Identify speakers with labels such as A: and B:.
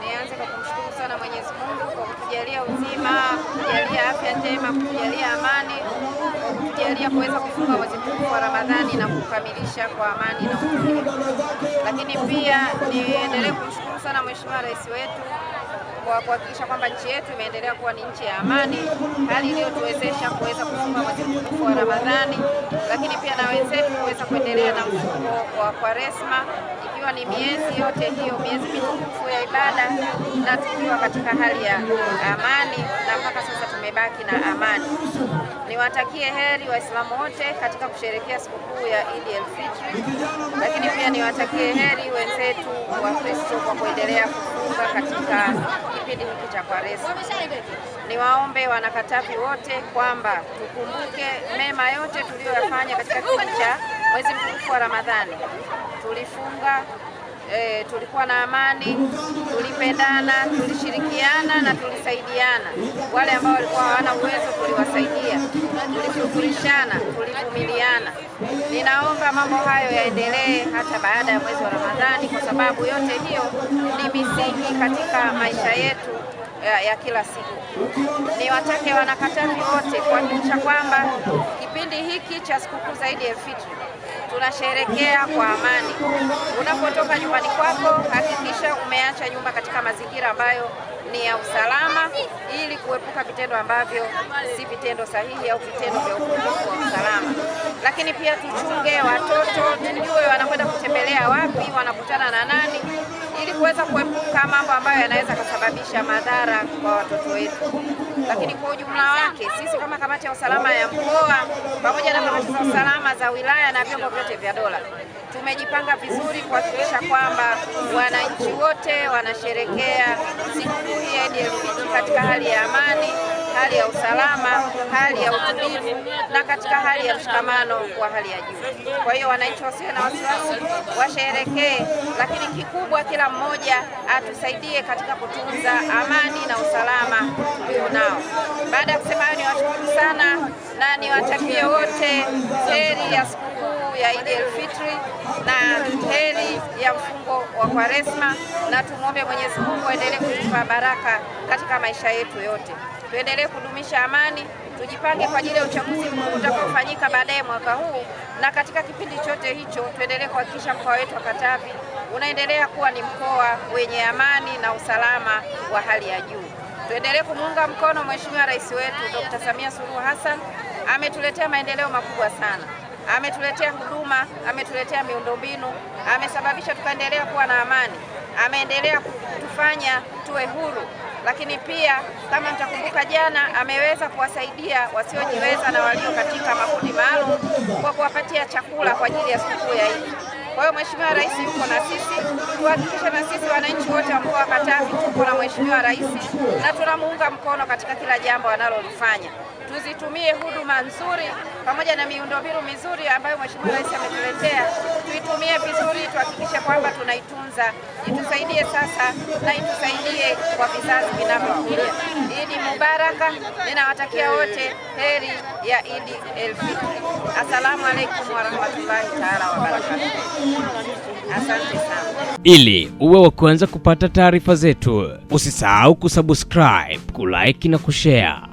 A: Nianze kwa kumshukuru sana Mwenyezi Mungu kwa kutujalia uzima, kutujalia afya njema, kutujalia amani, kutujalia kuweza kufunga mwezi mkuu wa Ramadhani na kukamilisha kwa amani na utulivu. Lakini pia niendelee kumshukuru sana Mheshimiwa Rais wetu kwa kuhakikisha kwamba nchi yetu imeendelea kuwa ni nchi ya amani, hali iliyotuwezesha kuweza kufunga mwezi mtukufu wa Ramadhani, lakini pia na wenzetu kuweza kuendelea na mfungo kwa Kwaresma ikiwa ni miezi yote hiyo, miezi mitukufu ya ibada, na tukiwa katika hali ya amani, na mpaka sasa tumebaki na amani. Niwatakie heri Waislamu wote katika kusherehekea sikukuu ya Eid al fitr lakini pia niwatakie heri wenzetu wa kristo kwa kuendelea kufunga katika kipindi hiki cha Kwaresma. Niwaombe wanakatavi wote kwamba tukumbuke mema yote tuliyoyafanya katika kipindi cha mwezi mtukufu wa Ramadhani tulifunga E, tulikuwa na amani, tulipendana, tulishirikiana na tulisaidiana. Wale ambao walikuwa hawana uwezo tuliwasaidia, tulishukurishana, tulivumiliana. Ninaomba mambo hayo yaendelee hata baada ya mwezi wa Ramadhani, kwa sababu yote hiyo ni misingi katika maisha yetu ya, eh, ya kila siku. ni watake wanakatavi wote kuhakikisha kwamba kipindi hiki cha sikukuu za Eid el tunasherekea kwa amani. Unapotoka nyumbani kwako, hakikisha umeacha nyumba katika mazingira ambayo ni ya usalama, ili kuepuka vitendo ambavyo si vitendo sahihi au vitendo vya upungufu wa usalama. Lakini pia tuchunge watoto, tujue wanakwenda kutembelea wapi, wanakutana na nani ili kuweza kuepuka mambo ambayo yanaweza kusababisha madhara kwa watoto wetu. Lakini kwa ujumla wake, sisi kama kamati ya usalama ya mkoa pamoja na kamati za usalama za wilaya na vyombo vyote vya dola tumejipanga vizuri kuhakikisha kwamba wananchi wote wanasherekea sikukuu hii ya Eid el Fitr katika hali ya amani hali ya usalama, hali ya utulivu na katika hali ya mshikamano wa hali ya juu. Kwa hiyo wananchi wasiwe na wasiwasi, washerekee, lakini kikubwa, kila mmoja atusaidie katika kutunza amani na usalama tulionao. Baada ya kusema hayo, niwashukuru sana na niwatakie wote heri ya sikukuu ya Idi el Fitri na heri ya mfungo wa Kwaresma, na tumwombe Mwenyezi Mungu aendelee kutupa baraka katika maisha yetu yote tuendelee kudumisha amani, tujipange kwa ajili ya uchaguzi mkuu utakaofanyika baadaye mwaka huu, na katika kipindi chote hicho tuendelee kuhakikisha mkoa wetu wa Katavi unaendelea kuwa ni mkoa wenye amani na usalama wa hali ya juu. Tuendelee kumuunga mkono Mheshimiwa Rais wetu Dr. Samia Suluhu Hassan, ametuletea maendeleo makubwa sana ametuletea huduma, ametuletea miundombinu, amesababisha tukaendelea kuwa na amani, ameendelea kutufanya tuwe huru lakini pia kama mtakumbuka, jana ameweza kuwasaidia wasiojiweza na walio katika makundi maalum kwa kuwapatia chakula kwa ajili ya sikukuu ya Idi. Kwa hiyo Mheshimiwa Rais yuko na sisi, tuhakikishe na sisi wananchi wote wa mkoa wa Katavi tuko na Mheshimiwa Rais na tunamuunga mkono katika kila jambo analolifanya tuzitumie huduma nzuri pamoja na miundombinu mizuri ambayo Mheshimiwa Rais ametuletea, tuitumie vizuri, tuhakikishe kwamba tunaitunza, itusaidie sasa na itusaidie kwa vizazi vinavyokuja. Idi mubaraka, ninawatakia wote heri ya Idi el Fitri. Asalamu alaykum warahmatullahi taala wabarakatuh. Asante sana. Ili uwe wa kuanza kupata taarifa zetu, usisahau kusubscribe, kulike na kushare.